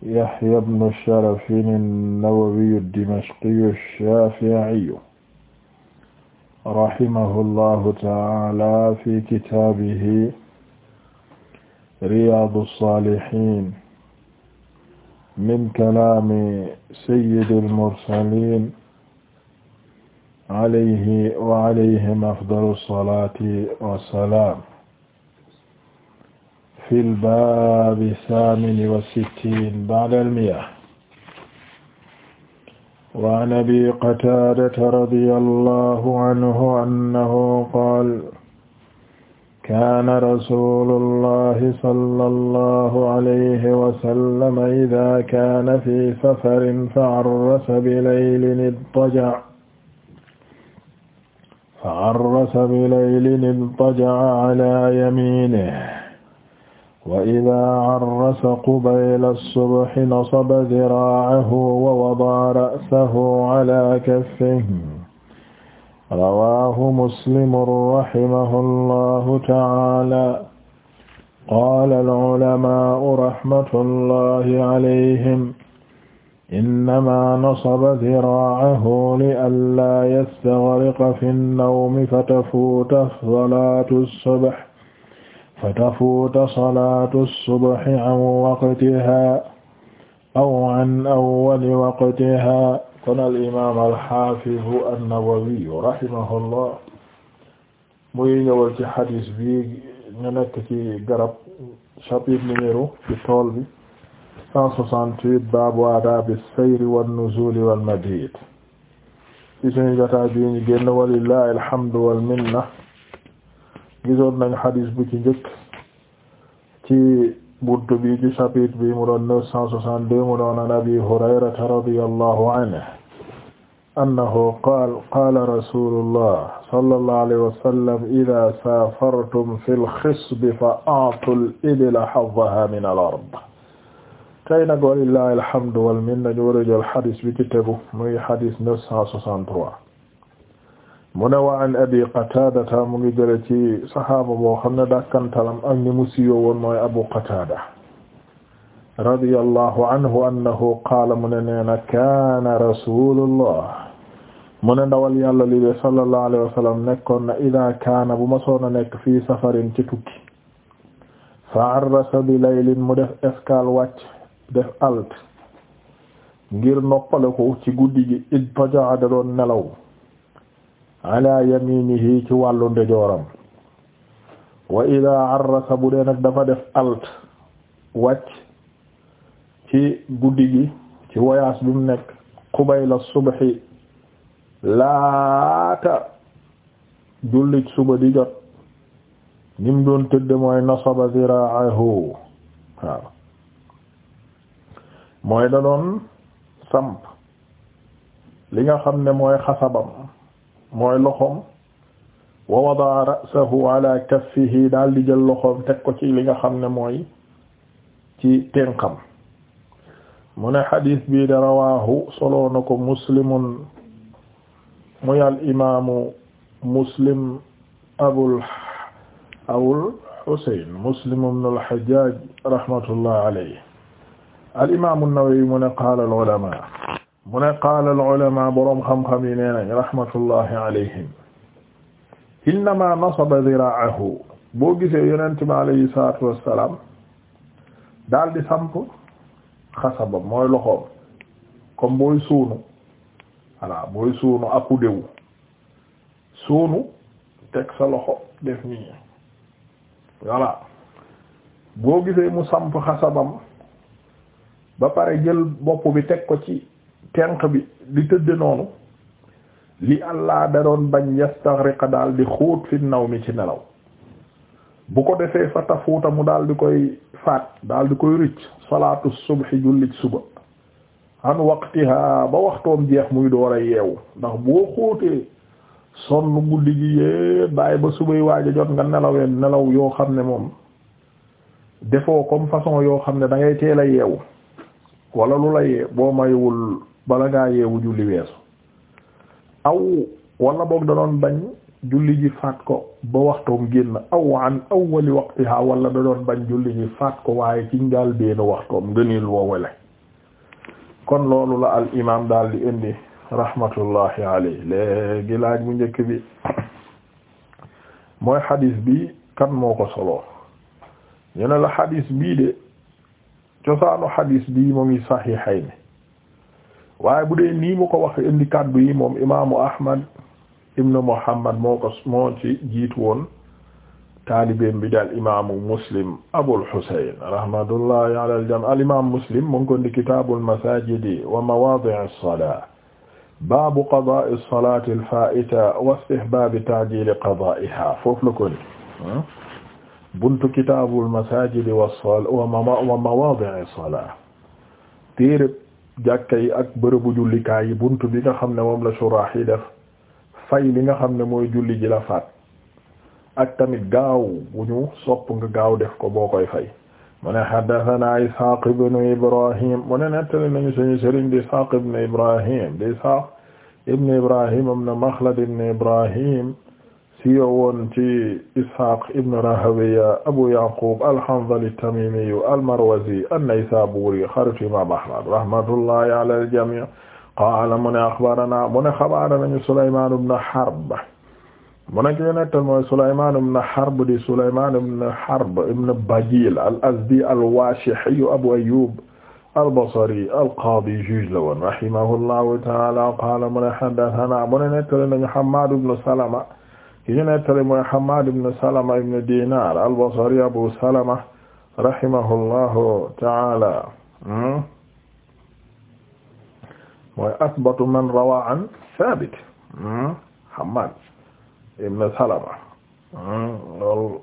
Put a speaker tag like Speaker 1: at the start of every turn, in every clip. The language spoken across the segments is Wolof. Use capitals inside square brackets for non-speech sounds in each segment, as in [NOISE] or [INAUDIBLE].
Speaker 1: Yahya bnu Sharafin an-Nawawiyu ad-Dimashqiyu ash-Shafi'iyu rahimahullahu ta'ala fi kitaabihi Riyaadu s-Saalihiin min kalaami sayyidil mursaliin alayhi wa alayhim afdalu s-salaati wa s-salaam fi lbaabi saamini wa sittiin ba'da al-mi'a wa an abi qataadata radiyallahu anhu annahu qaala kaana rasuulullahi sallallahu alayhi wa sallam idaa kaana fi safarin fa'arrasa bilaylin ittaja'a fa'arrasa bilaylin ittaja'a alaa yamiinihi wa idaa carrasa qubayla subhi nasaba diraacahu wa wadaca ra'sahu calaa kaffayhi rawaahu muslimun rahimahu llaahu tacaala qaala al-culamaa'u rahmatullaahi calayhim innamaa nasaba diraacahu li-allaa yastaghriqa fi nnawmi fatafuutahu salaatu subhi fatafuuta salaatu subhi an waqtihaa aw an awwali waqtihaa kon al imaam al xaafizu an-Nawawi rahimahullah muy ñëwal ci xadis bi ñu nekk ci garab chapitre numéro ci tool bi 168 baabu aadaabi sayri wan-nuzuuli wal-madiid ci suñu jotaay bi ñu génn walillahi alhamdu wal minna gisoon nañ xadiis bu ci njëkk ci buntu bi ci chapitre bi mu doon neuf cent soixante-deux mu doon an abi hurayrata radiyallahu anhu annahu qaal qaala rasulullah sallallahu alayhi wa sallam ida saafartum fi lxisbi fa aatu l ibila xadaha min al ard tey nag walillahi alhamdu walminna ñu war a jël xadiis bi ci tegu muy xadiis neuf cent soixante-trois mu ne wa an abi qataadata mu ngi jële ci saxaaba boo xam ne dàkkantalam ak ni mu siiwee woon mooy abu qataada radiyallahu anhu annahu mu ne nee kaana rasulullah mu ne ndawal yàlla li de sallallahu alayhi wa sallam nekkoon na idaa kaana bu ma soon nekk fii safarin ci tukki fa arrasa bi laylin mu def escale wàcc def alt ngir noppale ci guddi gi id pajaada doon nelaw ala yaminihi ci wàllu ndejooram wa ida arrasa bu dee nag dafa def alt wàcc ci guddi gi ci voyage bi mu nekk qubayla subhi laata jullit suba di jot nim doon tëdd mooy nasaba ziraahu waaw mooy da samp li nga xam ne mooy xasabam mooy loxoom wa wadaa ra'sahu ala kaffihi daal di jël loxoom teg ko ci li nga xam ne mooy ci tenqam mu ne xadiis bi da rawaahu soloo na ko muslimun muy al imaamu muslim abul abul Husayn muslim ibn al Hajjaj rahmatullah alayhi al imaamu Nawawi mu ne qaala al ulamaa mu ne qaala al ulama boroom xam-xam yi nee nañ rahmatullahi alayhim innama nasaba ziraahu boo gisee yonent bi alayhi salaatu wassalaam daal di samp xasaba mooy loxoom comme booy suunu voilà booy suunu akudéwu suunu teg sa loxo def nii voilà boo gisee mu samp xasabam ba pare jël bopp bi teg ko ci tenq bi di tëdd noonu li allah da doon bañ yastaghriqa daal di xóot fi naw mi ci nelaw bu ko defee fa mu daal di koy faat daal di koy rëcc salaatu subhi jullit suba an ba waxtoom jeex muy door a yeewu ndax boo xóotee sonn guddi gi yée bàyyi ba subay waaja jot nga nelawee nelaw yoo xam ne moom defoo comme façon yoo xam ne dangay ngay teel a yeewu wala lu la yee boo mayewul bala ngaa yeewu julli weesu aw wala boog da doon bañ julli ji faat ko ba waxtoom génn aw an awwali waqtiha wala da doon bañ julli ji faat ko waaye ci njaal benn waxtoom gënil woowale kon loolu la al imam daal di indi rahmatullahi alayhi léegi laaj bu njëkk bi mooy xadiis bi kan moo ko soloo ñu ne la xadis bii de cosaanu xadis bii mu ngi saxiixayni waaye bu dee nii mu ko wax indi kaddu yi moom imaamu Ahmad ibn Muhammad moo ko moo ci jiitu woon taalibeem bi daal imaamu Muslim Abul Husayn rahmatullahi ala al-jami' al-imaam Muslim mu ngi ko indi kitaabul masaajidi wa mawaadi'i as-salaat baabu qadaa'i as-salaati al-faa'ita wa istihbaabi ta'jiili qadaa'ihaa foofu la ko ni hmm? buntu kitaabul masaajidi wa mawaadi'i as-salaat téereb jàkka yi ak bërëbu jullikaay yi bunt bi nga xam ne moom la suraax yi def fay li nga xam ne mooy julli ji la faat ak tamit gaaw bu ñu sopp nga gaaw def ko boo koy fay mu ne xaddathana ishaq ibnu ibrahim mu ne nettali nañu suñu sëriñ di ishaq ibnu ibrahim di ishaq ibnu ibrahim am maxlad ibnu ibrahim siyo woon ci Ishaq ibn Rahawiya Abu Yaqub al-Hanzali at-Tamimi al-Marwazi an-Naysaburi xaritu Imam Ahmad rahmatullahi ala al-jami' qaala mu ne axbarana mu ne xabaara nañu Sulaymaan ibn Harb mu ne ki nettal mooy Sulaymaan ibn Harb di Sulaymaan ibn Harb ibn Bajil al-Azdi al-Washihi Abu Ayyub al-Basri al-qaadi juge la woon rahimahullahu ta'ala qaala mu ne haddathana mu ne nettali nañu Hammaad ibn Salama ki ñu nettali mooy Hammad ibn Salama ibn Dinar al-Basri Abu Salama rahimahullahu ta'ala mooy asbatu man rawa an Thabit Hammad ibn Salama loolu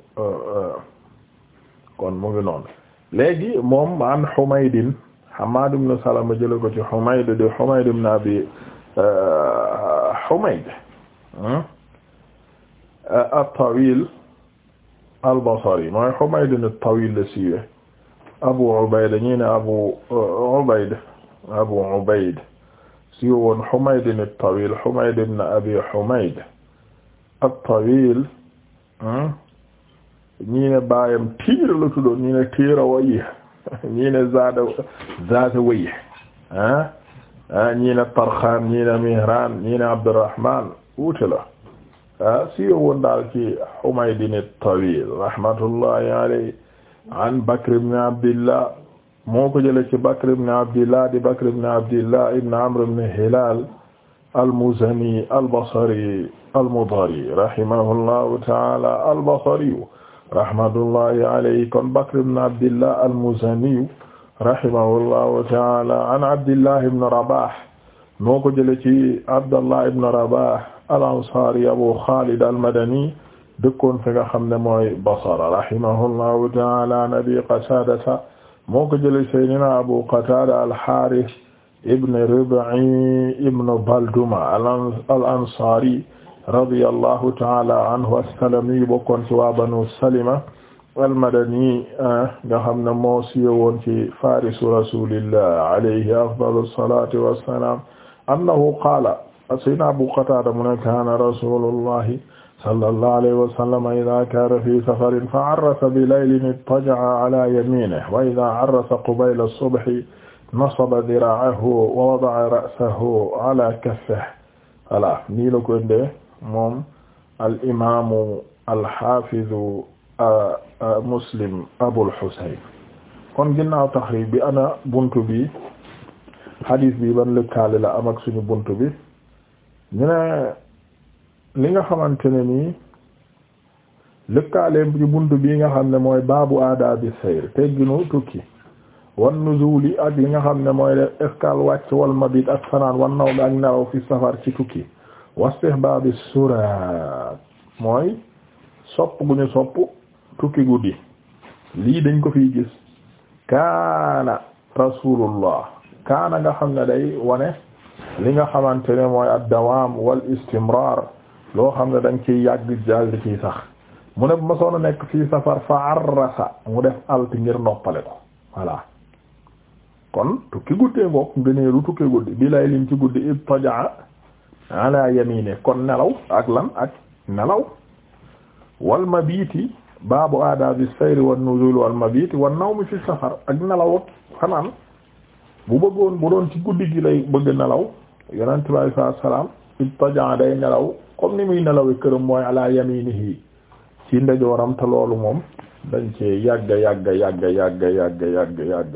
Speaker 1: kon mu ngi noonu léegi moom an Humaydin Hammad ibn Salama jële ko ci Humayd di Humayd ibn Abi Humayd at-Tawil al-Basri mooy Humayd at-Tawil la siiwee Abu Ubayd ñii ne Abu uh, Ubayd Abu Ubayd si woon Humayd at-Tawil Humayd ibn Abi Humayd at-Tawil hmm? ñii ne baayam Tiir la tuddoon ñii ne Tiirawayh [LAUGHS] ñii ne Zaada Zaadawayh ah? ah ñii ne Tarxaan ñii ne Mihraan ñii ne Abdurrahmaan wuute la. Ah, si woon daal ci Humayd ibn Tawil rahmatullahi alayhi an Bakr ibn Abdillah moo ko jëlee ci Bakr ibn Abdillah di Bakr ibn Abdillah ibn Amr ibn Hilal al-Muzani al-Basri al-Mudari rahimahullahu ta'ala al-Basri rahmatullahi alayhi kon Bakr ibn Abdillah al-Muzani rahimahullahu ta'ala an Abdillah ibn Rabah moo ko jëlee ci Abdallah ibn Rabah al-Ansaari Abu Xaalid al-Madani dëkkoon fi nga xam ne mooy Basra rahimahullahu ta'ala an Abi Qataada moo ko jëlee Seydina Abu Qataada al-Haaris ibn Rib'i ibn Baldama al-Ansaari radiyallahu ta'ala anhu as-Salami bokkoon ci waa Banu Salima al-Madani nga xam ne moo siiwoon ci faarisu Rasuulillah alayhi afdalu salaati wa salaam annahu qaala sayyidina Abu Qatada mu ne kaana rasulullahi sallallahu alayhi wa sallam idaa kaana fii safarin fa arrasa bilaylin ittaja'a ala yamiinihi wa idaa arrasa qubayla as-subhi nasaba diraa'ahu wa wada'a ra'sahu ala kaffihi voilà nii la ko indee moom al imaamu al haafizu Muslim Abul Husayn kon ginnaaw taxriij bi ana buntu bi hadis bi ban lëkkaale la am ak suñu buntu bi. ñu ne li nga xamante ne nii lëkkaale ci bunt bi nga xam ne mooy baabu aadaabi sayr tegginu tukki wan nuzuli ak li nga xam ne mooy def escale wàcc wal ak fanaan wan naw bi ak nelaw fi safar ci tukki wastihbaabi suraat mooy sopp gu ñu sopp tukki guddi lii dañ ko fiy gis kaana rasulullah kaana nga xam ne day wane li nga xamante ne mooy ad-dawaam wal istimraar loo xam ne dañ ciy yàgg daal di ciy sax mu ne ma soon nekk fii safar fa arrasa mu def alti ngir noppale ko voilà kon tukki guddee ngoog ngëneelu tukki guddi bi lay liñ ci guddi ibtajaa ala yamine kon nelaw ak lan ak nelaw wal mabiiti baabu aadaabi sayri wan nuzuul wal mabiiti wan nawmi fi safar ak nelaw ak fanaan bu bëggoon bu doon ci guddi gi lay bëgg nelaw yonent bi saa salaam ittaja day nelaw comme ni muy nelawee këram mooy ala yaminihi ci ndejooram te loolu moom dañ cee yàgg yàgg yàgg yàgg yàgg yàgg yàgg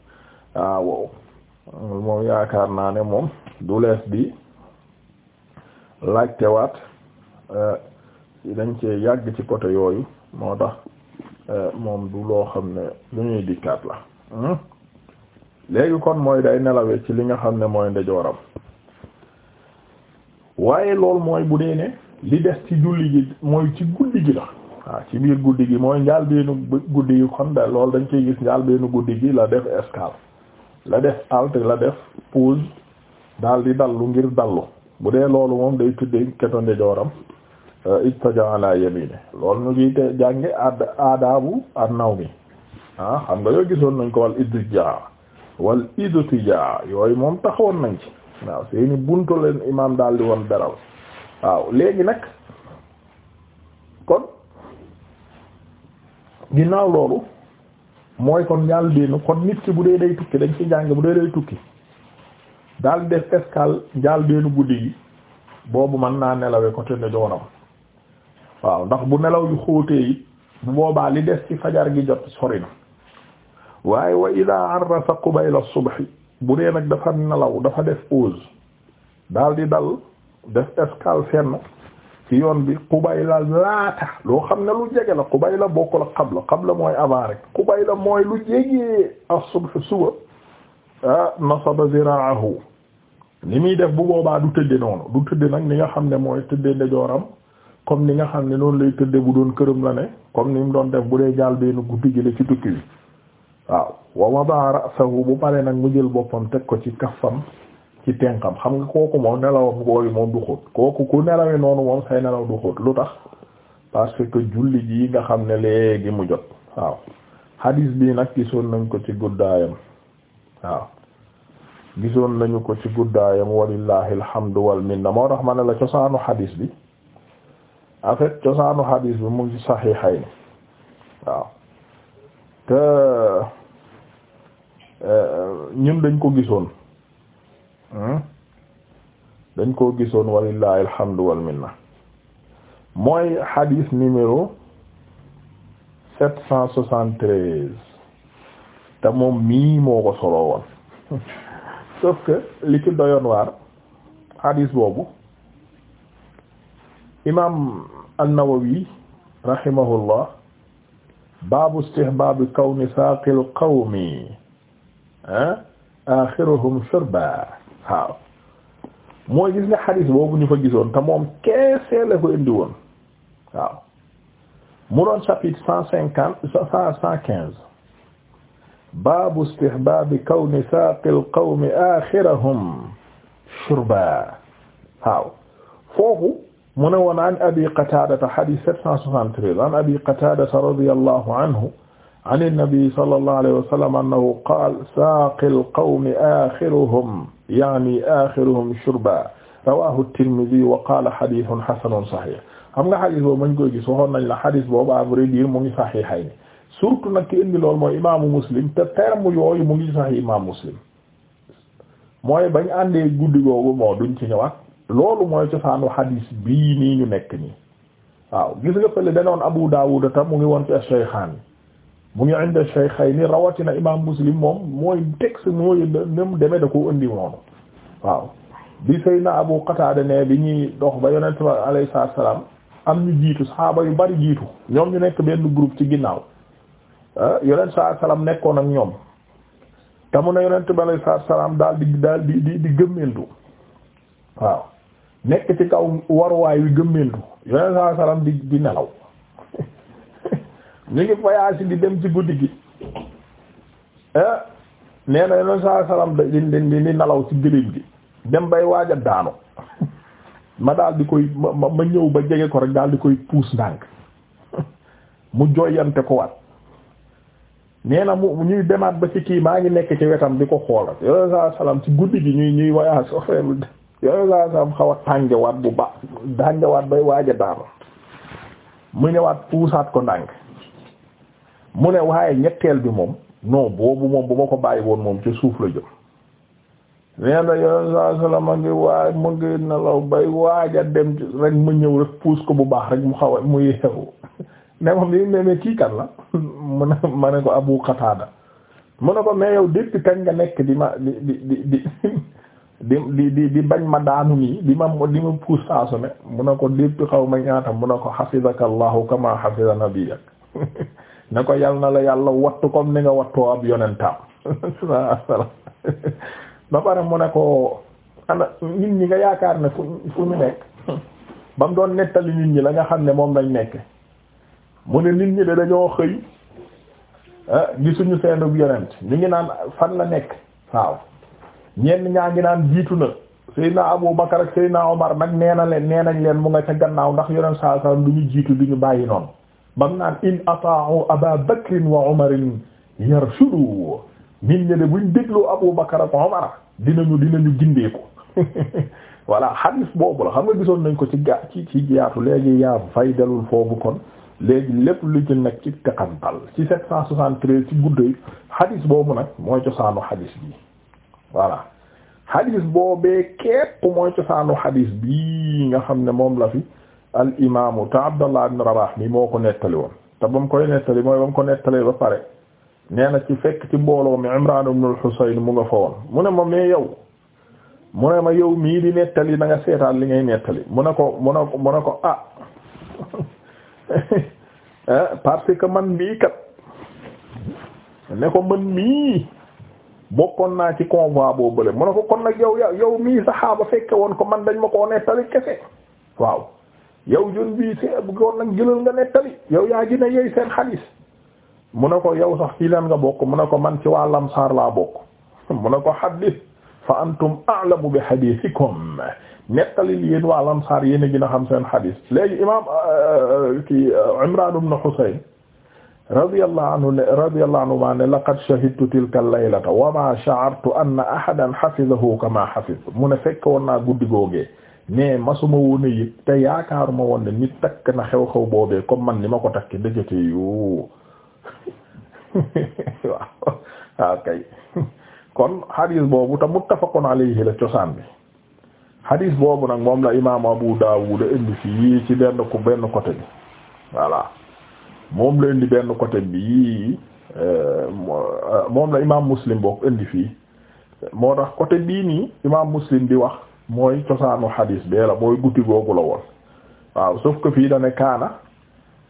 Speaker 1: [LAUGHS] ah, moom yaakaar naa ne moom du lees bi laajtewaat eh, dañ cee yàgg ci côté yooyu moo tax eh, moom du loo xam ne lu ñuy dikkaat la hmm? léegi kon mooy day nelawee ci li nga xam ne mooy ndejooram waaye loolu mooy bu dee ne li des ci julli gi mooy ci guddi gi la waaw ci biir guddi gi mooy njaal beenu guddi yu xam lool dañ koy gis njaal beenu guddi gi la def escale la def halte la def pause daal di dallu ngir dallu bu dee loolu moom day tudde keto ndejooram euh, ittaja ala yamine loolu ñu ngi te jànge aad aadaabu an naw mi ah xam nga yoo gisoon nañ ko wal idtija wal idtija yooyu moom taxawoon nañ ci waaw seeni buntu leen imaam daal di woon beral waaw léegi nag kon ginnaaw loolu mooy kon ñaal déenu kon nit ki bu dee day tukki dañ ci jàng bu dee day tukki daal def escale njaal déenu guddi gi boobu mën naa nelawee côté ne joonam waaw ndax bu nelaw yu xóotee yi bu boobaa li des ci fajar gi jot sori waaye wa idaa arrasa qubayla subhi bu dee nag dafa nelaw dafa def pause daal di dal def escale fenn ci yoon bi qubayla laata loo xam ne lu jege la qubayla bokkul ak xab la mooy avant rek qubayla mooy lu jege as-subh suba ah nasaba ziraahu li muy def bu boobaa du tëdde noonu du tëdde nag ni nga xam ne mooy tëdde ndejooram comme ni nga xam ne loolu lay tëdde bu doon këram la ne comme ni mu doon def bu dee jaal beenu guddi gi la ci tukki bi waaw wa wadaa ra'sahu bu pare nag mu jël boppam teg ko ci kaffam ci tenqam xam nga kooku moom nelawam gooyu moom du xóot kooku ku nelawe noonu moom say nelaw du xóot lu tax parce que julli ji nga xam ne léegi mu jot waaw hadis bi nag gisoon nañ ko ci guddaayam waaw gisoon nañu ko ci guddaayam walillahi alhamdu wal minna moo tax ma ne la cosaanu hadis bi en fait cosaanu hadis bi mu ngi saxiixayni waaw te eh, ñun dañ ko gisoon hmm? dañ ko gisoon walillahi alhamdu wal minna mooy hadis numéro sept cent soixante-treize te moom mii moo ko soloo woon [LAUGHS] sauf que li ci hadis boobu imam an-Nawawi rahimahullah baabu istihbaabi kawni saaqil qawmi ah axiruhum shurba waaw mooy gis nga xadis boobu ñu fa gisoon te moom keesee la ko indi woon waaw mu doon chapitre cent cinquante cent cent quinze baabu istihbaabi kawni saaqil qawmi axirahum shurba waaw foofu mu ne woon an abi qataadata hadis 773 an abi qataadata radiyallahu anhu an an-nabi sallallahu alayhi wa sallam annahu qaala saaqil qawmi aaxiruhum yaani aaxiruhum shurban rawaahu at-Tirmidhi wa qaala hadiisun hasanun sahiih xam nga hadis boobu mañ koy gis waxoon nañ la hadis boobu à vrai dire mu ngi sahihayn surtout nag ki indi lool mooy imaamu Muslim te terme yooyu mu ngi sahih imaamu Muslim mooy bañ àndee guddi googu moo duñ ci ñëwaat. loolu mooy cosaanu xadiis bii nii ñu nekk nii waaw gis nga fële danoon Abu Dawud tam mu ngi woon ci Shaykhaan mu ngi indi Shaykhayni rawatina imaam Muslim moom mooy texte mooy nem deme da ko indi noonu waaw bi Seydina Abu Qatada ne bi ñuy dox ba yonent bi alayhi salaatu wa salaam am ñu jiitu saxaaba yu bari jiitu ñoom ñu nekk benn group ci ginnaaw ah, yonent salaatu salaam nekkoon ak ñoom te mu a yonent bi alayhi salaam daal di daal di di di waaw nekk ci kaw waruwaay wi gëmmentu yoneen saa salaam di di nelaw [LAUGHS] ñu ngi voyage di dem ci guddi gi eh? nee na yoneen saa salaam di di nelaw ci gëléem gi dem bay waaja daanu [LAUGHS] ma daal koy ma ma ñëw ba jege ko rek daal koy puus ndànk [LAUGHS] mu joyante ko wat nee na mu ñuy demaat ba ci kii maa ngi nekk ci wetam di ko xoolal yoneen saa salaam ci guddi gi ñuy ñuy voyage yooyu saa saa mu xaw a tànjawaat bu baax tànjawaat bay waaja daanu mu ñëwaat puusaat ko ndànk mu ne waaye ñetteel bi moom non boobu moom bu ma ko bàyyi woon moom ci suuf la jëm nee na yooyu saa saa la ma ngi waay mu ngi nelaw bay waaja dem rek mu ñëw rek puus ko bu baax rek mu xaw a mu yeewu [LAUGHS] ne moom li ne ne [LAUGHS] mu ne ma ne ko Abu Qatada mu ne ko mais yow depuis kañ nga nekk di ma di di di [LAUGHS] di di di bañ ma daanu nii di ma di ma puus saa mu ne ko déppi xaw ma ñaata mu ne ko xafizaka allahu kama xafiza nabiyak [LAUGHS] ne ko yal na la yàlla wattu comme ni nga wattoo ab yonentaam [LAUGHS] [LAUGHS] ba pare mu ne ko ana ñun ñi nga yaakaar ne fu fu ñu nekk ba mu doon nettali nit ñi la nga xam ne moom lañ nekk mu ne nit ñi de dañoo xëy ah, gisuñu seenub yonent ñu ngi naan fan la nekk waaw ñenn ñaa ngi naan jiitu na Seydina Abu Bakar ak Seydina Omar nag nee leen nee nañ leen mu nga ca gannaaw ndax yoneen saa saa du ñu jiitu du ñu bàyyi noonu bam naan in ata'u Aba Bakrin wa Umarin yarshudu nit ñi de buñ déglu Abu Bakar ak Omar dinañu dinañu gindeeku [LAUGHS] voilà hadis boobu la xam nga gisoon nañ ko ci ga ci ci jaatu léegi yaa fay delul foofu kon léegi lépp lu ci nekk ci teqantal ci 773 ci guddoy hadis boobu nag mooy cosaanu hadis voilà xadis boobee képp mooy cosaanu xadis bii nga xam ne moom la fi al imaamu te Abdallah ibn Rabaah mi moo ko nettali woon te ba mu koy nettali mooy ba mu ko nettalee ba pare nee na ci fekk ci mbooloo mi Imraan ibn mu nga fa woon mu ne ma mais yow mu ne ma yow mii di nettali na seetaan li ngay nettali mu ne ko mu ne ko mu ne ko ah [LAUGHS] eh, parce que man mii kat ne ko man mii. bokkoon naa ci convoi boo bële mu ne ko kon nag yow yow mii saxaaba fekke woon ko man dañ ma koo nettali kese waaw yow jën bii see kon nag jëlal nga nettali yow yaa gina yeey seen xadiis mu ne ko yow sax fii nga bokk mu ne ko man ci waa lamsaar laa bokk [LAUGHS] mu ne ko xaddis fa antum a'lamu bi xadiisikum nettalil yéen waa lamsaar yéen a gën a xam seen xadiis léegi imaam euh, euh, ki euh, Imraan ibn Husayn radiyallahu anhu ne radiyallahu anhu maa ne laqad shahidtu tilka laylata wa ma sha'artu anna ahadan hafizahu kama hafiztu mu ne fekk woon guddi googee mais masuma woon a yëg te yaakaaruma woon ne nit takk na xew-xew boobee comme ma ko takki ndekete yoo [LAUGHS] waaw kon hadis boobu te muttafaqun alayhi la cosaan bi hadis boobu nag moom la imaamu Abu Dawud indi fii ci benn ku benn côté bi voilà. moom la indi benn côté bii euh, moom la imaam muslim bokk indi fii moo tax côté bii nii imaam muslim bi wax mooy cosaanu xadiis bee la mooy guddi googu la woon waaw sauf que fii dane kaana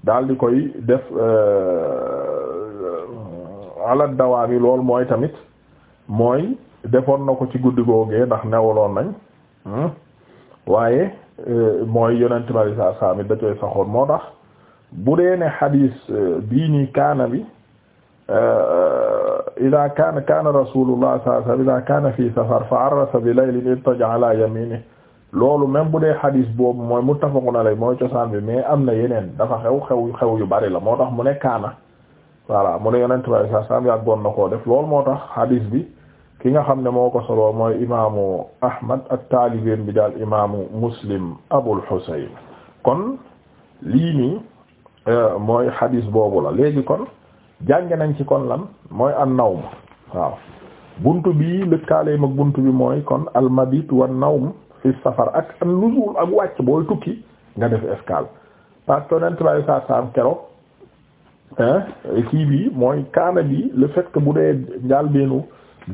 Speaker 1: daal di koy def euh, ala dawaami loolu mooy tamit mooy defoon na ko ci guddi googee ndax newaloon nañ hmm? waaye euh, mooy yonent bi sallallahu alayhi wasallam da koy saxoon moo tax bu dee ne xadis euh, bii nii kaana bi euh, euh, ida kaana kaana rasulullah sallallahu alayhi wasallam ida kaana fi safar fa arrasa bi laylin ittaja ala yamini loolu même bu dee xadis boobu mooy muttafaqun alayhi mooy cosaan bi mais am na yeneen dafa xew xew xew yu bari la moo tax mu ne kaana voilà mu ne yonent bi sallallahu alayhi wasallam yàggoon na koo def loolu moo tax xadis bi ki nga xam ne moo ko soloo mooy imaamu ahmad ak taalibeen bi daal imaamu muslim abul husayn kon lii Euh, mooy xadis boobu la léegi kon jànge nañ ci kon lan mooy an nawm waaw buntu bi lëkkaaleem ak buntu bi mooy kon al mabit wan nawm fi safar ak an nuzul ak wàcc booy tukki nga def escale parce que nent bàyyi saa saam keroog kii bi mooy kaana bi le fait bu dee njaalbeenu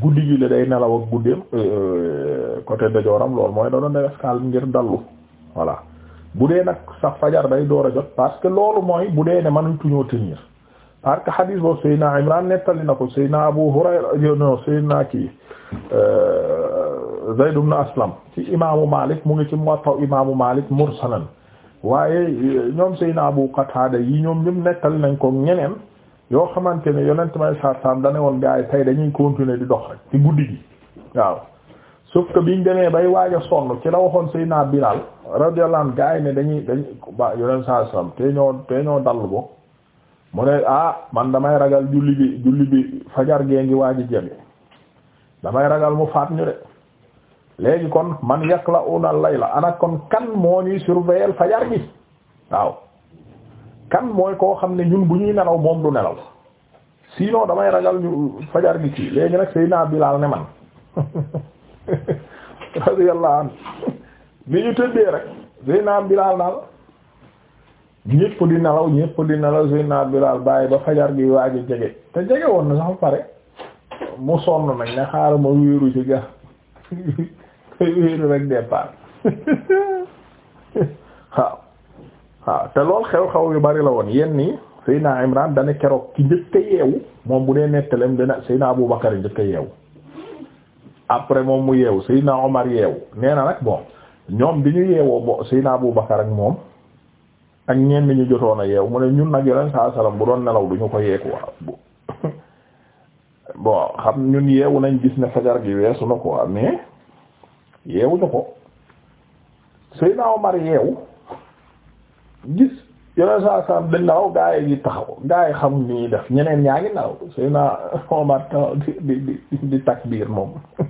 Speaker 1: guddi gi la day nelaw ak guddeem euh, côté dajooram loolu mooy da doon def escale ngir dallu voilà bu dee nag sax fajar bay door a jot parce que loolu mooy bu dee ne mënuñu tenir parce que hadis boobu Seydina Imran nettali na ko Seydina Abu Hurayra euh, non Seydina kii euh, Zayd ibn Aslam ci imaamu Malik mu ngi ci Muwatta imaamu Malik mursalan waaye euh, ñoom Seydina Abu Qatada yi ñoom ñëpp nettali nañ ko ñeneen yoo xamante ne yonent may saar saam dane woon gaa yi tey dañuy continuer di dox rek ci guddi gi waaw sauf que biñ demee bay waaj a sonn ci la waxoon Seydina Bilal radiyallahu anhu gars ne dañuy dañ ba yoneen saa sallam te ñoo te ñoo dall bo mu ne ah man damay ragal julli bi julli bi fajar gee ngi waaj a jege damay ragal mu faat ñu de léegi kon man yaqla una layla ana kon kan moo ñuy surveiller fajar gi waaw kan mooy koo xam ne ñun bu ñuy nelaw moom du nelaw sinon damay ragal ñu fajar gi ci léegi nag Seydina Bilal ne man [LAUGHS] [LAUGHS] radiyallahu anhu bi ñu tëddee rek Seydina Bilaal nal ñépp di nelaw ñépp di nelaw Seydina Bilaal bàyyi ba fajar gi waaj jege te jege woon na sax pare mu sonn nag ne xaaral ma wéeru ci ga [LAUGHS] wéeru rek départ [LAUGHS] waaw waaw te lool xew-xew yu bari la woon yenn nii Seydina Imraan dana keroog ki njëkk yeewu moom bu dee nettalem dana Seydina Abu Bakar njëkk yeewu après moom mu yeewu Seydina Omar yeewu nee na nag bon ñoom bi ñu yeewoo bo Seydina Abu Bakar ak moom ak ñenn ñu jotoon a yeewu mu ne ñun nag yeneen saa salaam bu doon nelaw du ñu ko yeeku waaw [LAUGHS] bon xam ñun yeewu nañ gis ne fajar gi weesu na ko mais yeewu ñu ko Seydina Omar yeewu gis yeneen saa salaam dañ nelaw gaa yi taxaw gaa yi xam ni def ñeneen ñaa ngi nelaw Seydina Omar di di di takbiir moom. [LAUGHS]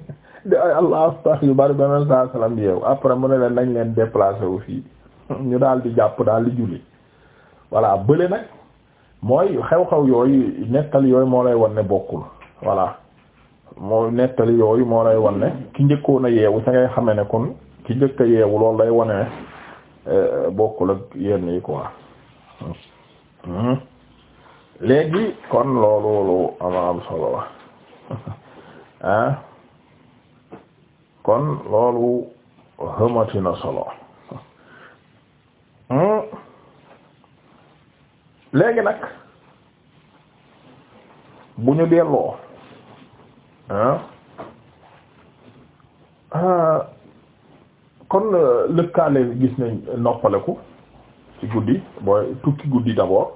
Speaker 1: allah astax yu bari ba mel saa salaam yeew après mu ne leen nañ leen déplacé wu fii ñu daal di jàpp daal di julli voilà bële nag mooy xew-xew yooyu nettali yooyu moo lay wan bokkul voilà mooy nettali yooyu moo lay wan ki njëkkoon a yeewu sa ngay xame ne kon ki njëkk a yeewu loolu lay wane euh, bokkul ak yenn yi quoi hmm. léegi kon loolu lu am am solo [LAUGHS] ah. kon loolu xamatina solo hmm? léegi nag bu ñu delloo ah kon euh, lëkkaale gis na noppaleku ci guddi booy tukki guddi d'abord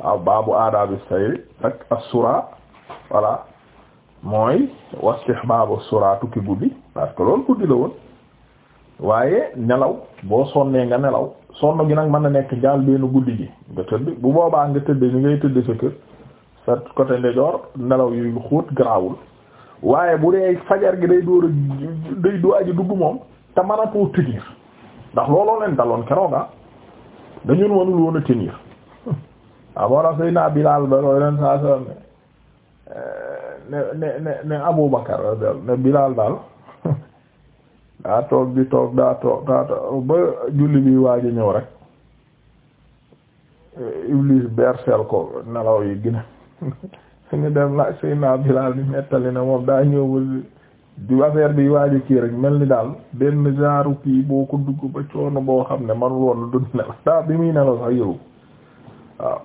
Speaker 1: waaw ah, baabu aadaabi sayri ak assura voilà mooy wastihbaabu assura tukki guddi parce que loolu guddi la woon waaye nelaw boo sonnee nga nelaw sonn gi nag mën na nekk njaal benn guddi gi nga tëdd bu boobaa nga tëdd ni ngay tëdd sa kër sa côté ndeyjoor nelaw yu xóot garaawul waaye bu dee fajar gi day door day dowaji dugg moom te mënatoo tenir ndax looloo leen daloon kerooga ah, dañu mënul woon a tenir [LAUGHS] waaw moo naa Seydina Bilaal ba looy leen saa saa ne eh, ne ne ne Abu ne Bilaal daal daa toog di toog daa toog daa toog ba julli bi waaj ñëw rek Iblis bersel ko nelaw yi gina [LAUGHS] ñu dem laaj Seydina Bilaal di nettali na moom daa ñëw ba di affaire bi waaj kii rek mel ni daal benn genre kii boo ko dugg ba coono boo xam ne man woon du nelaw daa bi muy nelaw sax yow waaw.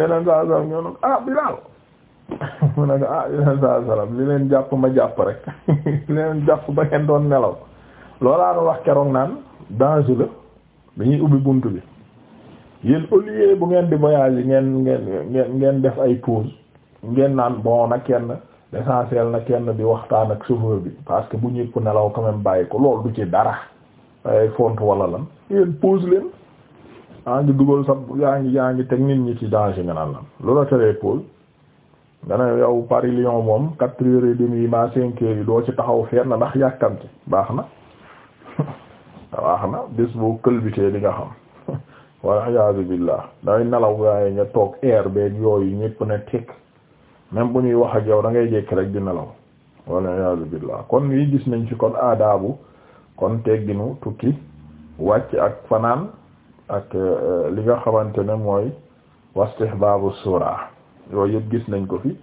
Speaker 1: yeneen saa saa ñëw nag ah Bilaal. [LAUGHS] mu na ko ah yeneen saa salaam li leen jàpp ma jàpp rek [LAUGHS] li leen jàpp ba ngeen doon nelaw loolaa doon wax keroog naan danger la dañuy ubbi bunt bi yéen au bu ngeen di voyage yi ngeen ngeen ngeen def ay pause ngeen naan bon na kenn l'essentiel na kenn di waxtaan ak chauffeur bi parce que bu ku nelaw quand bàyyi ko loolu du ci dara ay font wala lan yéen pause leen yaa ngi dugal sa yaa ngi yaa ngi teg nit ñi ci danger nga naan lan loola teree pause nga ne yow Paris Lyon moom quatre heures et demie ma cinq heures yi doo ci taxaw fenn ndax yàkkamti baax na [LAUGHS] baax na bés boo këlbitee di nga xam [LAUGHS] walla iyaazu billaah day nelaw waaye nga toog air beeg yooyu ñépp ne teg même bu ñuy wax ak yow da ngay jékki rek di nelaw walla iyaazu billaah kon yi gis nañ ci kon aadaabu kon tegginu tukki wàcc ak fanaan ak euh, li nga xamante ne mooy wastihbaabu suuraa yooyu yëpp gis nañ ko fi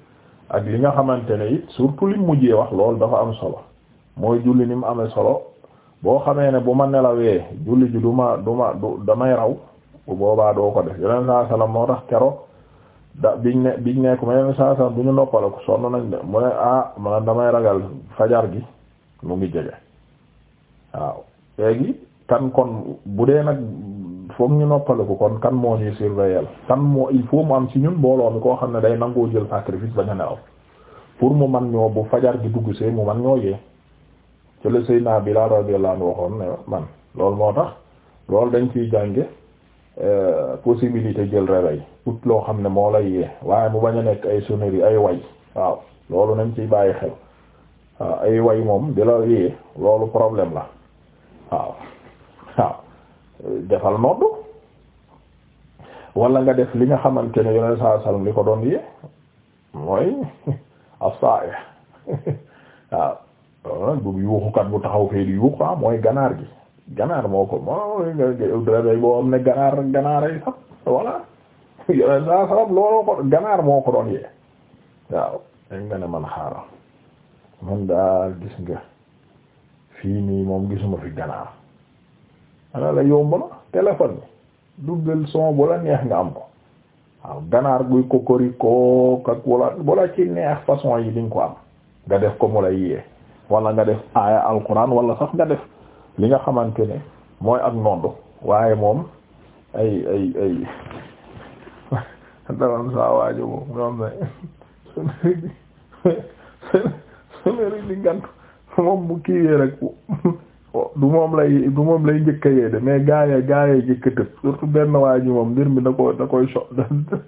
Speaker 1: ak li nga xamante ne it surtout li mujjee wax loolu dafa am solo mooy julli ni mu amee solo boo xamee ne bu ma nelawee julli ji du ma du ma damay raw bu boobaa doo ko def yeneen saa salaam moo tax keroog da biñ ne biñ nekk ma yeneen saa salaam du ñu noppale ko sonn nañ de mu ne ah man damay ragal fajar gi mu ngi jege waaw léegi kan kon bu dee nag. foog ñu noppaliku kon kan moo ñuy surveiller kan moo il faut mu am ci ñun mbooloo mi koo xam ne day nangoo jël sacrifice bañ a nelaw pour mu man ñoo bu fajar gi dugg see mu man ñoo yee ci la Seydina Bilaal radiyallahu anhu waxoon ne man loolu moo tax loolu dañ ciy jànge euh, possibilité jël réveil ut loo xam ne moo lay yee waaye mu bañ nekk ay sonnerie ay way waaw loolu nañ ciy bàyyi xel waaw ah, ay way moom di la yee loolu problème la waaw defal nodd wala nga def li nga xamante ne yoneen saa sallam li ko doon yee mooy [LAUGHS] as-sa'ih [LAUGHS] waaw bu yuuxukat bu taxaw fee di ah mooy ganaar gi ganaar moo ko mooy day boo ne ganaar ganaaray sax voilà yoneen saa sallam looloo ko ganaar moo ko doon yee waaw dañ nga ne man xaaral man daal gis nga fii nii moom gisuma fi ganaar ana la yomb la téléphone bi duggal son bu neex nga am ko waaw ganaar guy kokoriko ak wala wala ci neex façon yi di nga ko am nga def ko mu lay yee wala nga def aaya alquran wala sax nga def li nga xamante ne mooy ak nodd waaye moom ay ay ay daman saa waajo moom nga xam ne suneri di ngant moom bu kiiwee rek o du moom lay du moom lay njëkk yee de mais gaayee gaayee njëkk a tëb surtout benn waa ji moom mbir mi da ko da koy so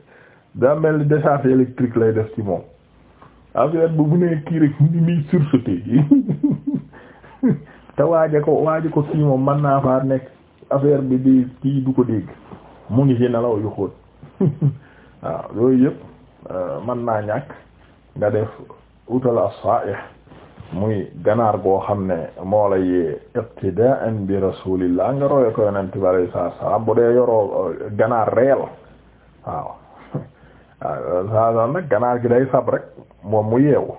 Speaker 1: [LAUGHS] daa mel ni décharge lay def ci moom affaire bu bu nee kii rek ni muy sursauté te waaje ko waaje ko kii moom mën naa faa nekk affaire bi di kii du ko dégg mu ngi ci nelaw yu xóot [LAUGHS] waaw yooyu yëpp euh, mën naa ñàkk nga def utal as-sa'ih muy ganaar goo xam ne moo la yee iqtidaan bi rasulillah nga roye ko yonent bi alayhi salaam bu dee yoroo ganaar reel waaw waaw saa nag ganaar gi day sab rek moom mu yeewu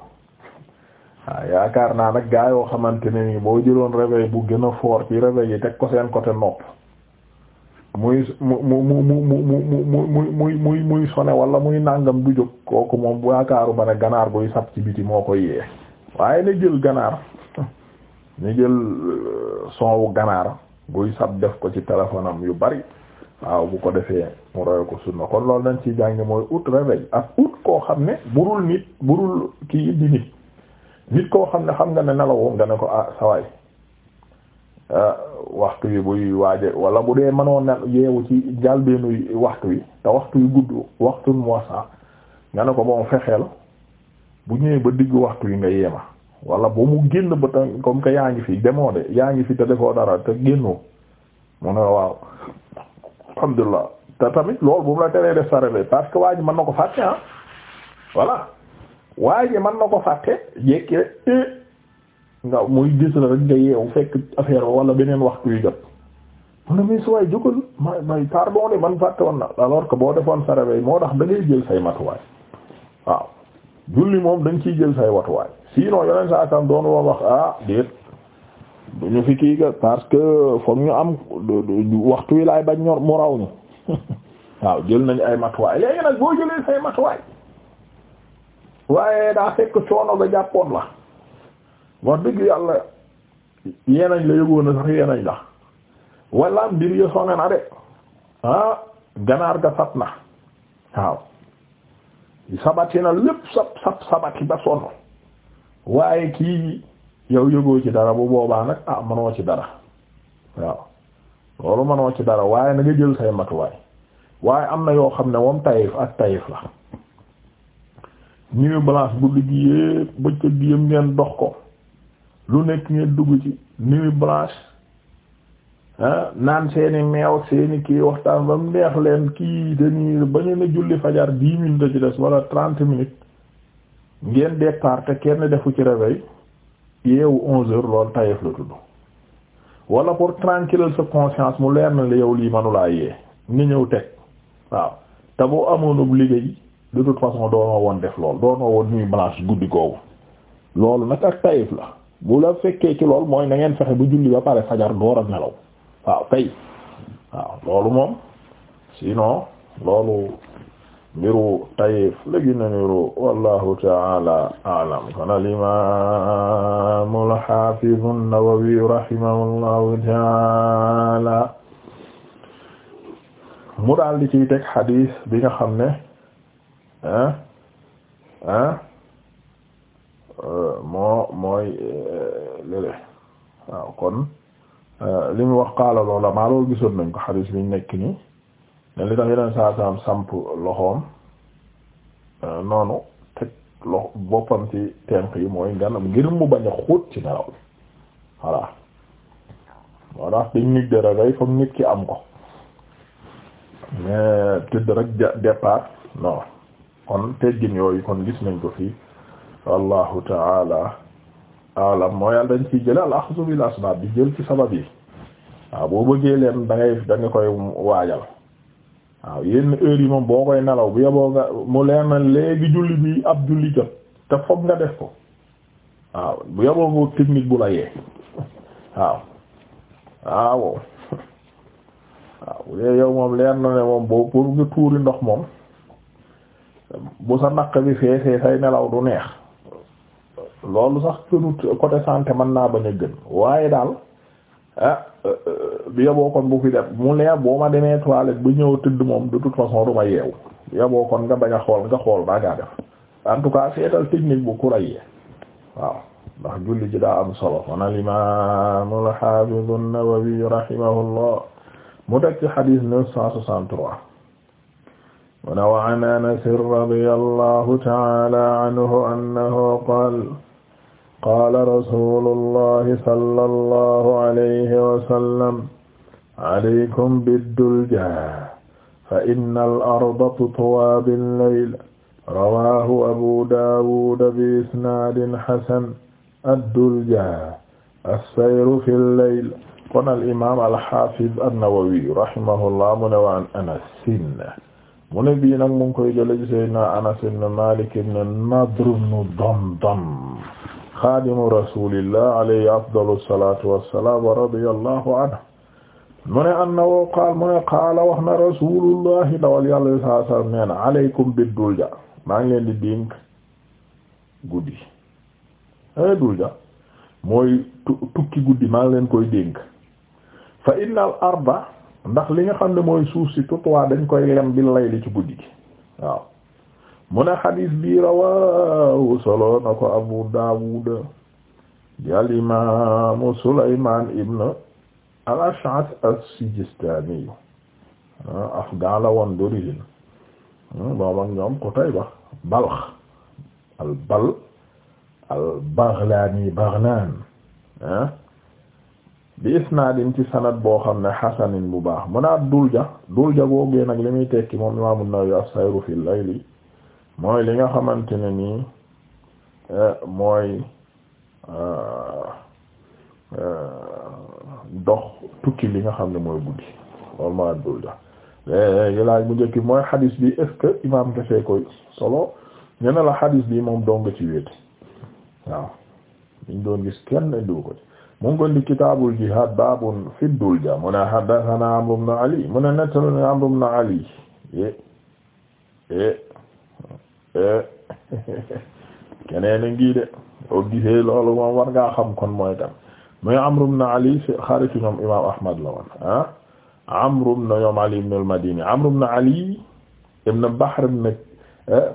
Speaker 1: waaw yaakaar naa nag gaa yoo xamante ne nii boo jëloon réveil bu gën a fort ci réveil yi teg ko seen côté nopp muy mu mu mu mu mu mu muy muy muy sone wala muy nàngam du jóg kooku moom bu yaakaaru ba ne ganaar guy sab ci biti moo koy yee waaye na jël ganaar ñu jël euh, sonwu ganaar buy sab def ko ci téléphone yu bari waaw bu ko defee mu royo ko sunna kon loolu dañ ci jànge mooy ut réveil ak ut koo xam ne burul nit burul kii di nit nit koo xam ne xam nga ne nelawoo nga ne ko ah sawaay ah, waxtu wi buy waaje wala bu dee mënoo ne yeewu ci jàlbeenu waxtu wi te waxtu yi gudd waxtu mu wasa nga ne ko moom fexeel bu ñëwee ba digg waxtu wi nga yeema wala ba mu génn ba tam yaa ngi fi demoo yaa ngi fi te defoo dara te génnoo mu te tamit loolu bu mu la teree def sa réveil parce que waa ji man na ko fàtte ah voilà waa ji man na ko fàtte jekki nga muy gis la rek nga yeewu fekk affaire wala beneen waxtu yu jot mu ne muy suwaay may may pardon man fàtte woon na alors que boo defoon sa moo tax dangay jël say matuwaay waaw julli moom dañ ciy jël say watuwaay sinon yeneen saa tam doon woo wax ah déet du ñu fi kii ka parce que foog ñu am waxtu wi laay bañ ñor mu raw ñu [LAUGHS] waaw jël nañu ay matuwaay léegi nag boo jëlee say matuwaay waaye daa fekk coono ga jàppoon la wax dëgg yàlla yeenañ la yëgoon na sax yeenañ la walla mbir yi songe na de ah, ganaar ga sat waaw sabati na lépp sab sab sabati ba sonn waaye kii yow yëgoo ci dara bu boobaa nag ah manoo ci dara waaw loolu manoo ci dara waaye na jël say matuwaay waaye am na yoo xam ne moom tayif ak tayif la nuit blanche guddi gi bëccëg yépp ngeen dox ko lu nekk ngeen dugg ci nuit blanche Ah, naan seeni meew seeni kii waxtaan ba mu neex leen kii dañuy bañu na julli fajar dix minutes a ci des wala trente minutes ngeen départ te kenn defu ci réveil yeewu onze heures loolu tayef la tudd wala pour tranquilliser sa conscience mu leer na la yow lii manulaa yee nga ñëw teg waaw te boo amoonub liggéey de toute façon doonoo woon def lool doonoo woon nuit blanche guddi googu loolu nag ak tayef la bu la fekkee ki lool mooy na ngeen fexe bu julli ba pare fajar door nelaw waaw kay waaw loolu moom sinon loolu mbiru Taif léegi na niru wallahu ta'ala a'lam kon al-imam al-hafiz an-Nawawi rahimahullahu ta'ala mu daal di ciy teg xadis bi nga xam ne ah ah moo mooy eh, lele waaw kon Euh, li mu wax qaala loola maa loolu gisoon nañ ko xadis biñ nekk nii ne li tax yeneen saa saam samp loxoom euh, noonu teg loxo boppam ci tenq yi mooy nganam ngir mu bañ a xóot ci nelaw bi voilà moo tax dañ nit dara day foog nit ki am ko mais tëdd rek départ non kon teggin yooyu kon gis nañ ko fii wallahu taala alam moo yàlla dañ ciy jële al axzu bil asbaab bi jël ci sabab yi waaw boo bëggee leen da ngay da nga koy waajal waaw yenn heure yi moom boo koy nelaw bu yeboo nga mu leer na léegi julli bi ab julli jot te foog nga def ko waaw bu yeboo nga technique bu la yee [LAUGHS] waaw waaw [LAUGHS] bu dee yow moom leer na ne moom boo pour nga tuuri ndox moom bu sa naq bi feesee say nelaw du neex loolu sax kënut côté santé mën naa bañ a gën waaye daal ah bi euh, euh, yaboo kon bu fi def mu leer boo ma demee toilette bu ñëw tëdd moom de toute ma yeewu yaboo kon nga bañ xool nga xool baa def en tout cas seetal technique bu kurayee waaw ndax julli ji daa am solo kon al imam al hafiz an mu teg ci hadith neuf cent soixante-trois mu wa Anas radiyallahu ta'ala anhu annahu qala qaala rasulullahi sallallahu alayhi wa sallam alaykum biddulja fa inna al-arda tutwaa bil-layl rawaahu abu daawuda bi isnaadin hasan addulja as-sayru fil-layl kon al-imaam al-haafiz an-nawawi rahimahullah mu ne wa an anasin mu ne bii nag mu ngi koy jële ci sayyidina anas ibn maalik ibn nadr ibn damdam xaadimu rasulillah alayhi afdalu salatu wassalam wa radiyallahu anhu mu ne annahu qaal mu ne qaala wax na rasulullahi dawal yàlla saa saa nee na aleykum bi dulja maa ngi leen di dénk guddi ay eh, dulja mooy tukki guddi maa ngi leen koy dénk fa inna arda ndax li nga xam ne mooy suuf si tutwa dañ koy lem bi layli ci guddi gi waaw mu ne xadis bi rawahu solo na ko Abu Dawud di al imaamu Sulaymaan ibn al-Ash'ath as-Sijistaani afghan la woon d'origine moom ak ñoom Qutayba Balx al-Bal al-Baghlaani Baghlaan bi isnaadin ci sanad boo xam ne xasanin bu baax mu ne Dulja Dulja googu nag li muy tekki moom Imaam an-Nawawi as-sayru layli mooy li nga xamante ne nii eh, mooy eh, eh, dox tukki li nga xam ne mooy guddi loolu ma abdul ja léegi laaj bu njëkk mooy xadis bi est-ce que imam koy solo ñu ne la xadis bi moom dong ci wéet waaw liñ doon gis kenn indiwu ko ci mu ngi ko indi kitaabul jihaad baabun fi dulja mu ne haddathana Amr ibn Ali mu ne nettali Amr ibn Ali Eh? [LAUGHS] keneen a ngi de boo gisee loolu moom war ngaa xam kon mooy tam muy Amr ibn Ali xaritu ñoom imaam Ahmad la woon ah Amr ibn Ali ibn al-Madini Amr ibn Ali ibn Bahr ibn eh?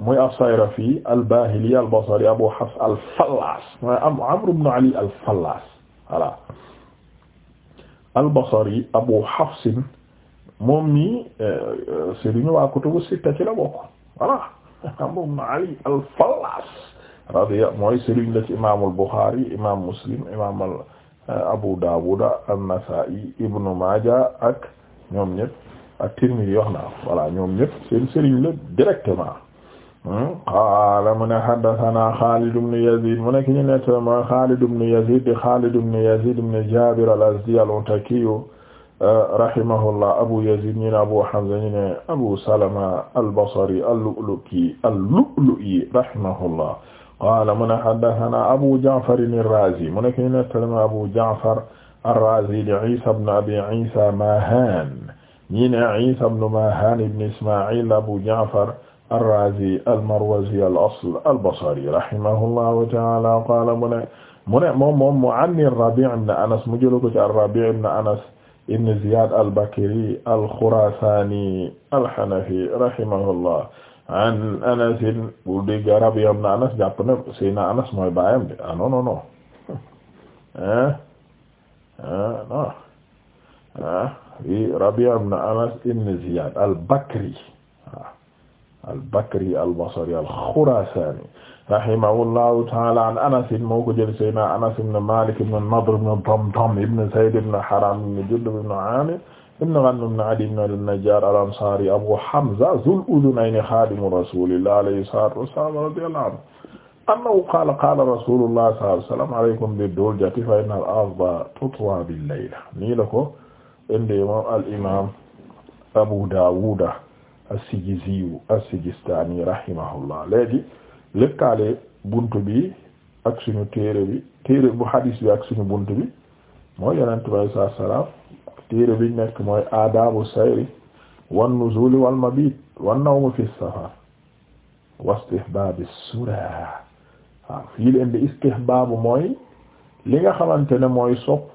Speaker 1: muy as-Sayrafi al-Bahili al-Basri Abu Hafs al-Fallas mooy am Amr Ali al-Fallas voilà al-Basri Abu Hafs moom mi eh, sëriñu waa kutubu sitta ci la Amr ibn Ali al-Fallas radiya mooy sëriñ la ci imaamul Bukhari imaam Muslim imaam al uh, Abu Dawud an-Nasa'i Ibn Maja ak ñoom ñëpp ak Tirmidhi wax na voilà ñoom ñëpp seen sëriñ la directement hmm? qaala mu ne haddathana Khalid ibn Yazid mu ne ki ñu ne mooy Khalid ibn Yazid di Khalid ibn Yazid ibn Jabir al-Azdi al-Ataki rahimahullah Abu Yazid ñu ne Abu Hamza ñu ne Abu Salama al-Basri al-Lu'lu'i al-Lu'lu'i rahimahullah qaala mu ne haddathana Abu Ja'far ar-Razi mu ne ki nettalema Abu Ja'far ar-Razi di Isa ibn Abi Isa Mahan ñi ne Isa ibn Mahan ibn Isma'il Abu Ja'far ar-Razi al-Marwazi al-asl al-Basri rahimahullahu ta'ala qaala mu ne mu ne moom moom mu anni ar-Rabi' ibn Anas mu jël ko ci ar-Rabi' ibn Anas ibn Ziyad al-Bakri al-Khurasani al-Hanafi rahimahullah an Anas bu dégg Rabi'a ibn Anas jàpp na Seydina Anas mooy baayam de ah non non non ah [LAUGHS] ah non ah oui Rabi'a ibn Anas ibn Ziyad al-Bakri ah, al-Bakri al-Basri al-Khurasani rahimahullahu taala an Anas moo ko jël Seydina Anas ibn Malik ibn Nadr ibn Damdam ibn Zayd ibn Haram ibn Jundub ibn Amir ibn Ghanm ibn Adi ibn al-Najjar al-Ansari Abu Hamza Zul Udhunayni khadimu Rasulillah alayhi salatu wassalam radiyallahu anhu annahu qala qala Rasulullah sallallahu alayhi wasallam alaykum bid-duljati fa inna al-ardha tutwa bil-layla nii la ko indee moom al-imam Abu Dawud as-Sijizi as-Sijistani rahimahullah léegi lëkkaale bunt bi ak suñu téere bi téere bu hadis bi ak suñu bunt bi mooy yonent bi saa salaam téere bi nekk mooy aadaabu sayri wan nuzuli wal mabit wan nawm fi safar wastihbaabi sura waaw fii leen di istihbaabu mooy li nga xamante ne mooy sopp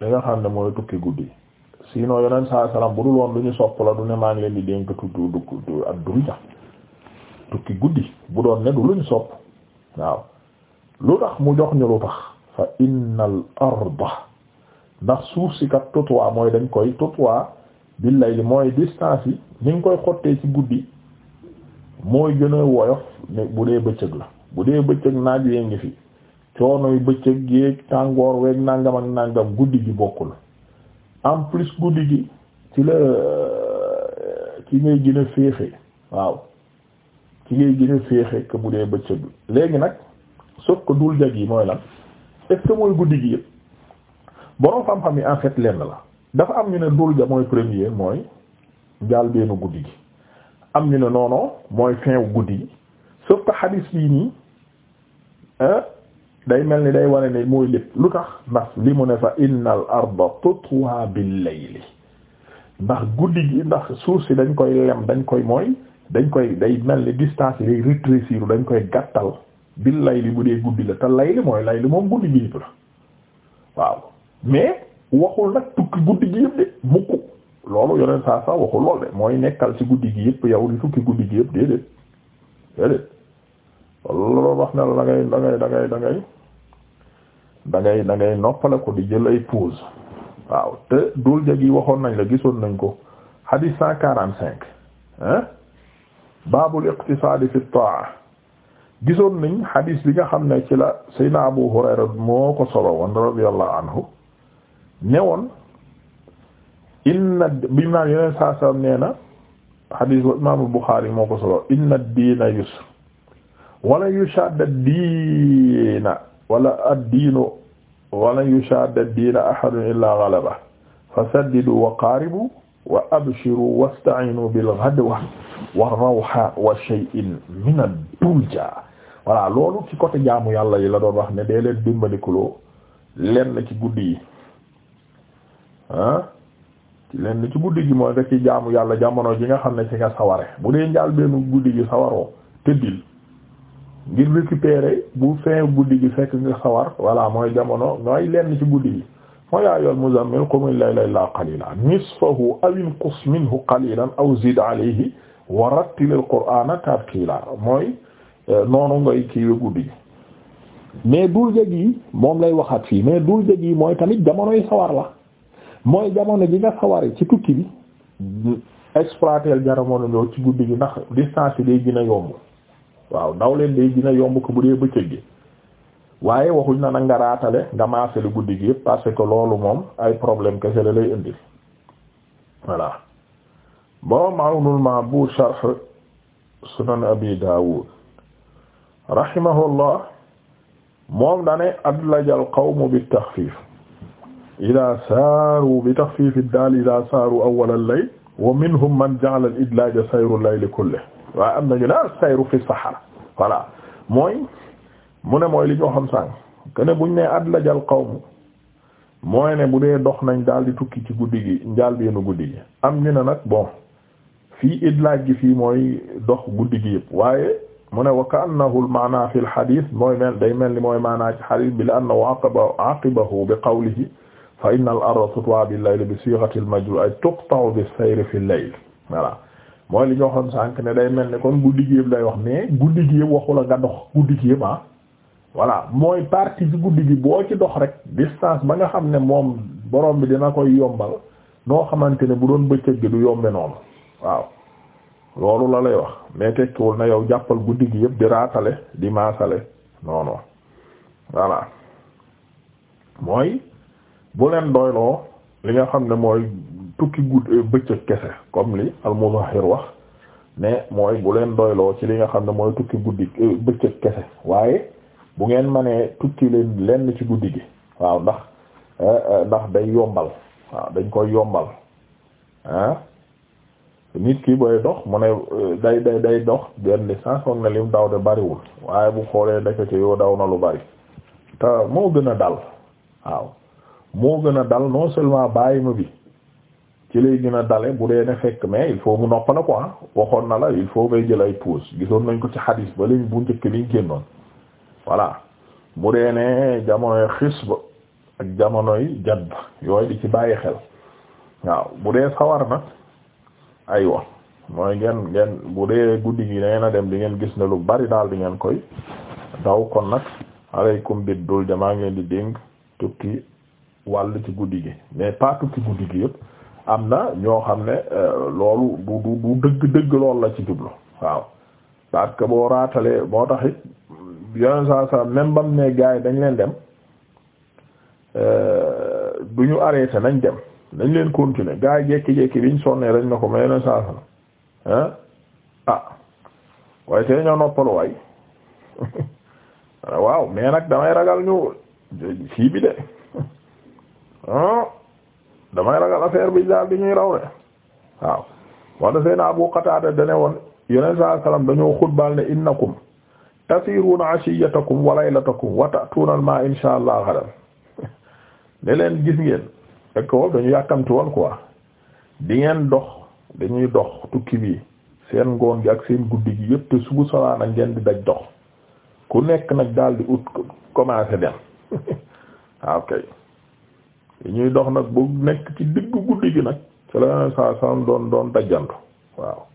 Speaker 1: li nga xam ne mooy tukki guddi sinon yeneen saa salaam bu dul woon lu ñu sopp la du ne maa ngi leen di dénk tuddu du ak dunya tukki guddi bu doon ne du mu jox ñu lu tax suuf si kat mooy dañ koy tutwa bil layli mooy distance yi koy xottee ci guddi mooy gën a woyof ne bu bëccëg la bu dee bëccëg naaj wee ngi fi coonoy bëccëg yéeg tàngoor weeg nangam ak guddi gi bokkul en plus guddi gi ci la euh, ci ngay gën a waaw ci ngay gën a féexe bu dee bëccëg bi léegi nag sauf ko dul jag yi mooy lan est mooy guddi gi yëpp borom xam-xam yi en lenn la dafa am ñu ne dul ja mooy premier mooy jaal beenu guddi gi am ñu ne noono mooy fin wu guddi gi sauf que xadis bii nii day mel ni day wane ne mooy lépp lu tax ndax li mu ne fa innal arda tutwa bil layli ndax guddi gi ndax suuf si dañ koy lem dañ koy mooy dañ koy day mel ni distance yi day dañ koy gàttal bil layli bu dee guddi la te layli mooy layli moom guddi gi yëpp la waaw mais waxul nag tukki guddi gi yëpp de mukk loolu yoneen saa saa waxul lool de mooy nekkal ci guddi gi yëpp yow di tukki guddi gi yëpp déedéet déedéet loolu wax na la da ngay da ngay da ngay noppale ko di jël ay pause waaw te dul jag waxoon nañ la gisoon nañ ko hadith cent quarante cinq hein baabul iqtisaadi fi taa gisoon nañ xadiis bi nga xam ne ci la Seydina Abu Hurayra moo ko solo woon radiyallahu anhu ne woon inna bi naan yeneen saa sallam nee na xadiis wa imaamul Buxaari moo ko solo inna diina yusr wala yushaadda diina wala addiinu wala yushaadda diina ahadun illaa galaba fasaddidu wa qaaribu wa abshiru wasta'inu bil ghadwa wa rawha wa shay'in min ad-dulja voilà loolu ci côté jaamu yàlla yi la doon wax ne dee leen dimbalikuloo lenn ci guddi yi ah ci lenn ci guddi gi mooy nga ci jaamu yàlla jamono ji nga xam ne ci nga saware bu dee njaal benn guddi gi sawaroo tëddil ngir récupérer bu fin guddi gi fekk nga sawar voilà mooy jamono nooy leen ci guddi gi wa yaa ayyuhal muzammil qum layla illaa qaliilaa nisfahu aw inqus minhu qaliilan aw zid alayhi wa rattilil qur'aana tartiilaa mooy euh, noonu ngay kii guddi gi mais dul jëg yi moom lay waxaat fii mais dul jëg yi mooy tamit jamonoy sawar la mooy jamono ji nga sawaree ci tukki bi exploiter jaramono loolu ci guddi gi ndax distance yi day gën a yomb waaw daw leen day gën a yomb ko bu dee bëccëg gi waaye waxuñ na nag nga raatale nga maasale guddi gi yëpp parce que loolu moom ay problème kese la lay indi voilà borom Awnul Ma'buud sharh Sunan Abi Daawud rahimahullah moom dane adlajal qawmu bi taxfiif ida saaru bi taxfiifi saaru awwal al wa minhum man ja'ala al-idlaaj sayru al-layli kullihi waaye am nañu ne sayru fi sahar voilà mooy mu ne mooy li ñoo xam sànq que ne buñ ne adlajal qawmu mooy ne bu dee dox nañ daal di tukki ci guddi gi njaal beenu guddi gi am ñu ne nag bon fii idlaaj gi fii mooy dox guddi gi yëpp waaye mu ne wa kaannahu al maana fi al hadith mooy mel day mel ni mooy maanaa ci hadith bi la annahu aqaba aqibahu bi qawlihi fa inna al arda tutwa bil layl bi sighati al majrur ay tuqta'u bis sayr fi al layl voilà mooy li ñoo xam ne day mel ni kon guddi gi yëpp lay wax mais guddi gi yëpp waxu guddi gi ah. voilà mooy partie bi guddi gi boo ci dox rek distance ba nga xam ne moom borom bi dina koy yombal noo xamante ne bu doon bëccëg gi du yombe noonu waaw loolu la lay wax mais tekkiwul na yow jàppal guddi gi yëpp di raatale di maasale noonu voilà mooy bu leen doyloo li nga xam ne mooy tukki guddi euh, bëccëg kese comme li al-Muzahhir wax ne mooy bu leen doyloo ci li nga xam ne mooy tukki guddi euh, bëccëg kese waaye bu ngeen manee tukki leen lenn ci guddi gi waaw ndax eh, eh, ndax day yombal waaw dañ koy yombal nit ki booy dox mu ne eh, day day day dox benn licence foog na lim daw de bariwul waaye bu xoolee ndekete yoo daw na lu bari te moo gën a dal waaw moo gën a dal non seulement bàyyi ma bi ci lay gën a dale bu dee ne fekk mais il faut mu noppala ko ah. waxoon na la il faut ngay jël ay pause gisoon nañ ko ci xadis ba lañ bu njëkk liñ génnoon voilà bu dee ne jamonoy xisb ak jamonoy jadb yooyu di ci bàyyi xel waaw bu dee sawar na aywa mooy ngeen ngeen bu dee guddi gi da a dem di ngeen gis ne lu bari daal di ngeen koy daw kon nag aleykum bid dul jamaa ngeen di dénk tukki wàll ci guddi gi mais pas tukki guddi gi yëpp am na ñoo xam ne euh, loolu du du du dëgg dëgg loolu la ci jublu waaw parce que boo raatalee boo taxit yoneen saa saa même bam ne gars yi dañ leen dem euh, du ñu arrêté nañ dem nañ leen continuer gars yi jekki-jekki biñ sonnee dañ na ko mais yoneen saa saa ah waaye tey ñoo noppalu waay [LAUGHS] waaw mais nag damay ragal ñu sii bi de damay ragal affaire bi daal di ñuy raw de waaw wax da seen Abu Qatada dane woon yoneen saa salaam dañoo xutbaal ne innakum tasiruuna ashiyatakum wa laylatakum wa ta'tuunal maa inshaa Allah ghadan ne leen gis ngeen fekk woof dañu yàkkamti woon quoi di ngeen dox dañuy dox tukki bi seen ngoon gi ak seen guddi gi yëpp te subu salaan ak ngeen di daj dox ku nekk nag daal ut commencé dem waaw [LAUGHS] ah, kay ñuy dox nag bu nekk ci diggu guddi gi nag ci la saa saa doon doon dajjantu waaw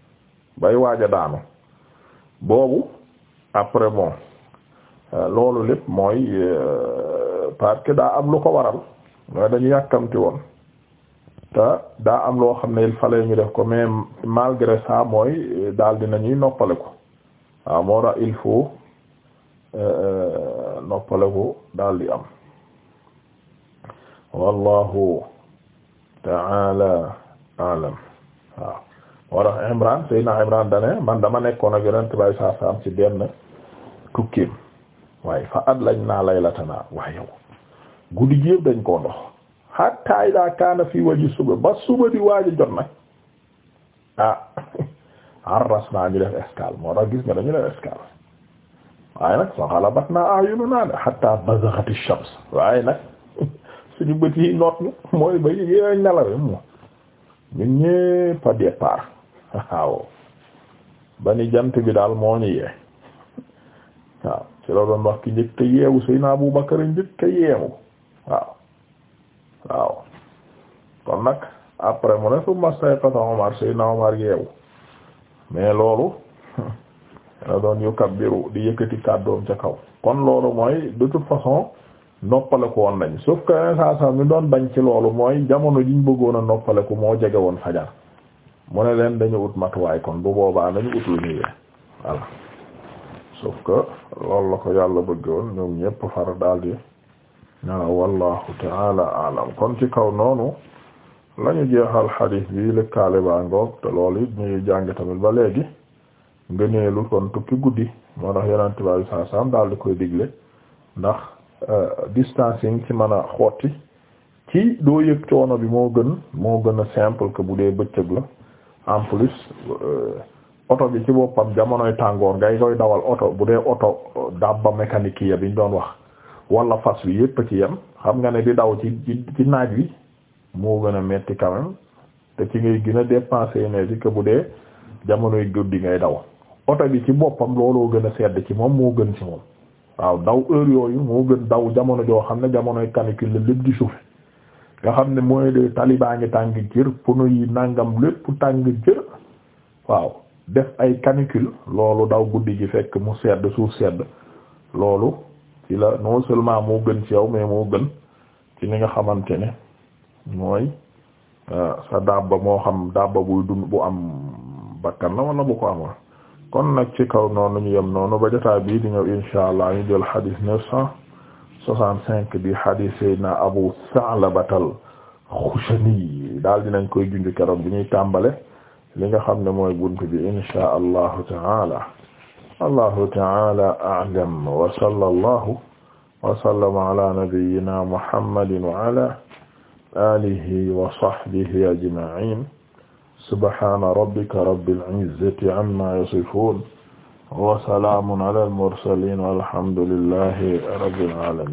Speaker 1: bay waaja daanu boobu après bon euh, loolu lépp mooy euh, parce que daa am lu ko waral mooy dañu yàkkamti woon te daa am loo xam ne il fallait ñu def ko mais malgré ça mooy euh, daal dinañuy noppale ko ah, waaw moo tax il faut noppale ko di am wallahu ta'ala a'lam waaw ah. moo tax Imran Seydina Imran dane man dama nekkoon ak yonent bay saa saam ci benn tukkiim waaye fa at lañ naa laylatanaa waaye yow guddi gépp dañ koo ndox hatta ila kaana fii waji suba ba suba di waaji jot nag ah [LAUGHS] arras naa ñu def escale moo tax gis nga dañu def escale waaye nag fa xalabat naa ayununaa de hatta bazaxati shams waaye nag [LAUGHS] suñu bët yi noot ñu mooy ba yéeg nelaw moom ñun ñépp a départ waaw ba ni jant bi daal moo ñu yee waaw ci la doon wax ki njëkk a yeewu Seydina Abu Bakar njëkk a yeewu waaw waaw kon nag après mu ne summa stayqaza Umar Seydina Umar yeewu mais loolu [LAUGHS] la doon yukabbiru di yëkkati kàddoom ca kaw kon loolu mooy de toute façon noppale woon nañ sauf que saa saa mi doon bañ ci loolu mooy jamono jiñ bëggoon a noppale moo jege woon fajar mu ne leen dañu ut matuwaay kon bu boobaa nañu ut lu ñu yee voilà sauf que loolu la ko yàlla bëggoon ñoom ñépp far daldi nana wallahu taala alam kon ci kaw noonu lañu jeexal xadiis bi lëkkaale baa ngoog te loolu it ñuy jàng tamit ba léegi ngëneelu kon tukki guddi moo tax yeneen tubaab yi saa saam daal di koy digle ndax euh, distancing ci mën a xotti ci doo yëg coono bi moo gën moo gën a simple que bu dee bëccëg la en plus euh, oto bi ci boppam jamonoy tàngoor ngay koy dawal oto bu dee oto euh, dabba mécanique ya bi ñu doon wax wala fas wi yépp ci yem xam nga ne di daw ci ci naaj wi moo gën a metti quand te ci ngay gën a dépenser énergie que bu dee jamonoy di ngay daw oto bi ci boppam looloo gën a sedd ci moom moo gën ci moom waaw daw heure yooyu moo gën daw jamono joo xam ne jamonoy canicule lépp di suuf nga xam ne mooy de talibaa ngi tàng jër pono yi nàngam lépp tàng jër waaw def ay canicule loolu daw guddi gi fekk mu sedd suuf sedd loolu ci la non seulement moo gën ci yow mais moo gën ci li nga xamante ne mooy euh, sa dabba moo xam dabba buy dund bu am bakkan la wala bu ko am kon nag ci kaw noonu ñu yem noonu ba jotaay bii di ñëw insha allah ñu jël hadith neuf cent 65 bi hadith Seydina Abu Sa'labatal Xushani daal dinañ koy junj keroog bi ñuy tàmbale li nga xam ne mooy buntu bi insha allahu ta'ala allahu ta'ala a'lam wa sallallahu wa sallama ala nabiyyina muhammadin wa ala alihi wa sahbihi ajma'in subhana rabbika rabbil izzati amma yasifun wa salamun ala al mursalin walhamdulillahi rabbil alamin